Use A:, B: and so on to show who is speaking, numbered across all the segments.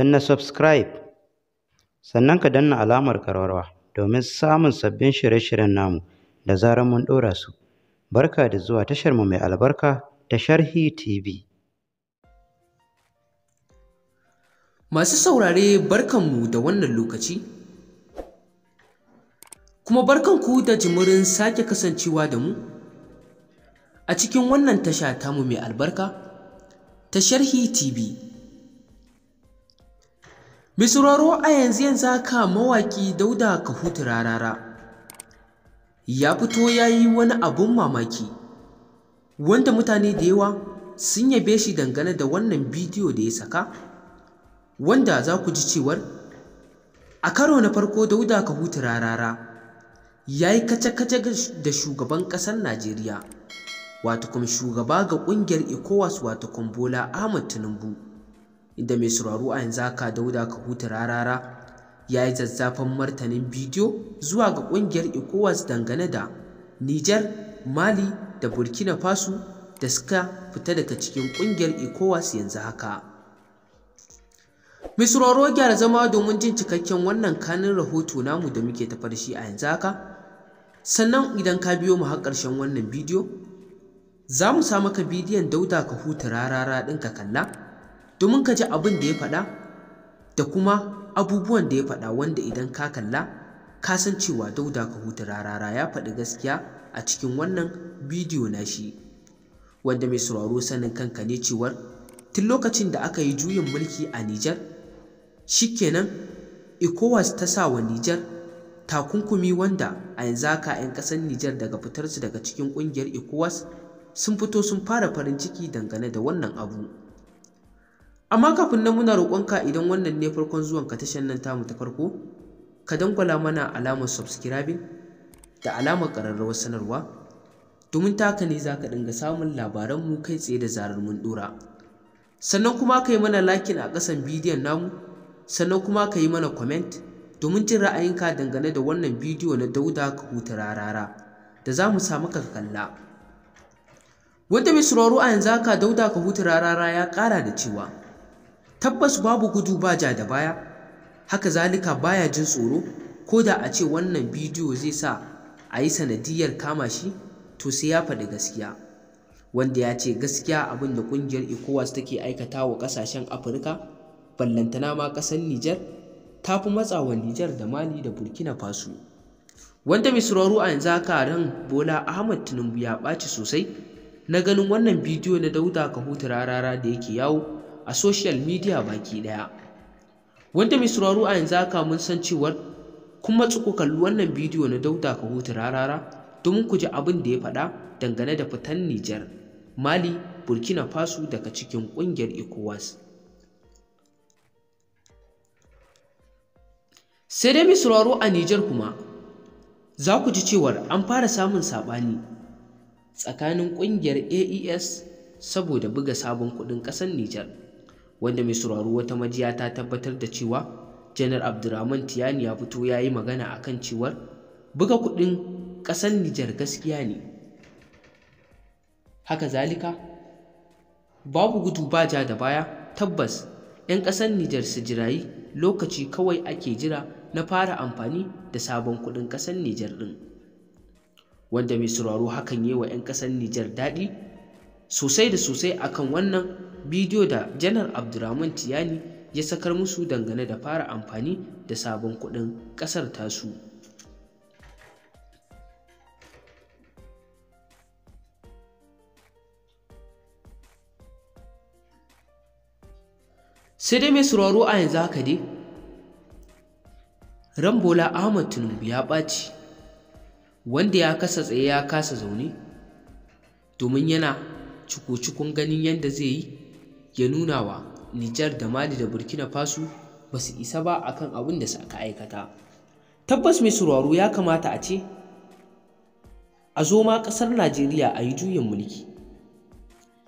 A: na subscribe sannan ka danna alamar karwarwa domin samun sabbin shirye-shiryen namu da zarar mun ɗora su barka da zuwa tashar mu mai albarka ta sharhi tv masu saurare barkanmu da wannan lokaci kuma barkanku da jimirin sake kasancewa da mu a cikin wannan tasha tamu mai albarka ta sharhi tv Mai a yanzu yanzu haka mawaƙi Dauda ka Kahutu Rarara ya fito ya yi wani abun mamaki wanda mutane da yawa sun yabe shi dangane da wannan bidiyo da ya saka wanda za ku ji cewar a karo na farko Dauda ka hutu Rarara ya yi kace-kace da shugaban ƙasar Najeriya wato kuma shugaba ga ƙungiyar ECOWAS wato Kumbola Ahmad Tinubu. inda mai sauraro a yanzu haka dauda ka huta rarara ya yi zazzafan martanin bidiyo zuwa ga ƙungiyar ecowas dangane da niger mali da burkina faso da suka fita daga cikin ƙungiyar ecowas yanzu haka mai sauraro gyara zama domin jin cikakken wannan kanin rahoto namu da muke tafa da shi a yanzu haka sannan idan ka biyo mu har ƙarshen wannan bidiyo za mu sa maka bidiyon dauda ka huta rarara ɗin ka kalla domin ka ji abin da ya faɗa da kuma abubuwan da ya faɗa wanda idan ka kalla ka san cewa dauda ka huta rarara ya faɗi gaskiya a cikin wannan bidiyo na shi wanda mai sauraro sanin kanka ne cewar tun lokacin da aka yi juyin mulki a Nijar shikenan ECOWAS ta sa wa Nijar takunkumi wanda a yanzu haka 'yan ƙasar Nijar daga fitarsu daga cikin ƙungiyar ECOWAS sun fito sun fara farin ciki dangane da wannan abu. amma kafin nan muna roƙonka idan wannan ne farkon zuwanka ka tashan nan tamu ta farko ka dangwala mana alamar subscribing da alamar ƙararrawar sanarwa domin taka ne za ka dinga samun labaranmu kai tsaye da zarar mun ɗora sannan kuma ka yi mana lakin a ƙasan bidiyon namu sannan kuma ka yi mana comment domin jin ra'ayinka dangane da wannan bidiyo na dauda ka huta rarara da za mu samu ka kalla wanda mai sauraro a yanzu haka dauda ka huta rarara ya ƙara da cewa tabbas babu gudu ba ja da baya haka zalika baya jin tsoro ko da a ce wannan bidiyo zai sa a yi sanadiyar kama shi to sai ya faɗi gaskiya wanda ya ce gaskiya abin da ƙungiyar ecowas take aikata wa ƙasashen afirka ballantana ma ƙasar nijar ta fi matsawa nijar da mali da burkina faso wanda mai sauraro a yanzu haka ran bola ahmad tinubu ya ɓaci sosai na ganin wannan bidiyo na dauda kahutu rarara da yake yawo a social media baki ɗaya. wanda mai sauraro a yanzu haka mun san cewar kuma matsu ku kalli wannan bidiyo na dauda ka hutu rarara domin ku ji abin da ya faɗa dangane da fitan Nijar Mali Burkina Faso daga cikin ƙungiyar ECOWAS sai dai mai sauraro a Nijar kuma za ku ji cewar an fara samun saɓani tsakanin ƙungiyar AES saboda buga sabon kuɗin ƙasar Nijar. wanda mai sauraro wata majiya ta tabbatar da cewa janar Abdulrahman tiyani ya fito ya yi magana a kan cewar buga kuɗin ƙasar nijar gaskiya ne haka zalika babu gudu ba ja da baya tabbas 'yan ƙasar nijar su jirayi lokaci kawai ake jira na fara amfani da sabon kuɗin ƙasar nijar ɗin wanda mai sauraro hakan yi wa 'yan ƙasar nijar daɗi sosai da sosai akan wannan bidiyo da janar abdurrahman tiyani ya sakar musu dangane da fara amfani da sabon kuɗin ƙasar tasu sai dai mai sauraro a yanzu haka dai rambola ahmad tinubu ya ɓaci wanda ya kasa tsaye ya kasa zaune domin yana ciko-cikon ganin yadda zai yi ya nuna wa Nijar da Mali da Burkina Faso ba su isa ba akan abin da suka aikata tabbas mai sauraro ya kamata a ce a zo ma ƙasar Najeriya a yi juyin mulki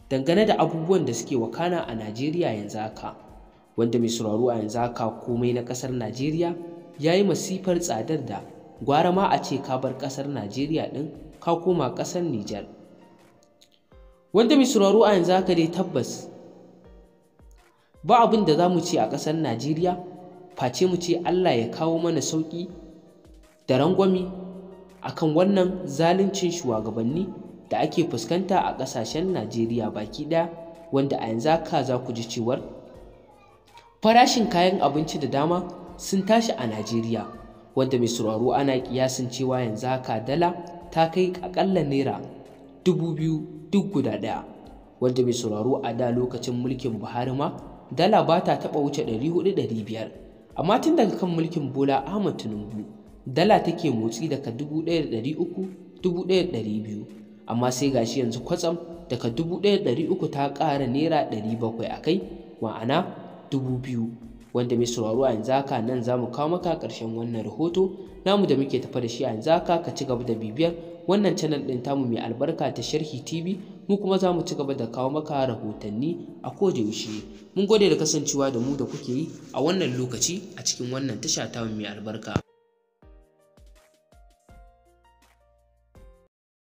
A: dangane da abubuwan da suke wakana a Najeriya yanzu haka wanda mai sauraro a yanzu haka komai na ƙasar Najeriya ya yi masifar tsadar da gwara ma a ce ka bar ƙasar Najeriya ɗin ka koma ƙasar Nijar wanda mai sauraro a yanzu haka dai tabbas ba abin da za mu ce a ƙasar najeriya face mu ce allah ya kawo mana sauƙi da rangwami a kan wannan zaluncin shugabanni da ake fuskanta a ƙasashen najeriya baki ɗaya wanda a yanzu haka za ku ji cewar farashin kayan abinci da dama sun tashi a najeriya wanda mai sauraro ana kiyasin cewa yanzu haka dala ta kai akalla naira dubu biyu duk guda ɗaya wanda mai sauraro a da lokacin mulkin buhari ma dala ba ta taɓa wuce ɗari 400 biyar, amma tun daga kan mulkin bola ahmad tinubu dala take motsi daga 1,300-1,200 amma sai gashi yanzu kwatsam daga dubu 1,300 ta ƙara naira bakwai a kai ma'ana 2,000 wanda mai sauraro a yanzu haka nan za mu kawo maka ƙarshen wannan rahoto namu da muke tafa da shi a yanzu haka ka ci gaba da bibiyar wannan canal ɗin tamu mai albarka ta sharhi tv mu kuma za mu ci gaba da kawo maka rahotanni a yaushe mun gode da kasancewa da mu da kuke yi a wannan lokaci a cikin wannan tasha ta mai albarka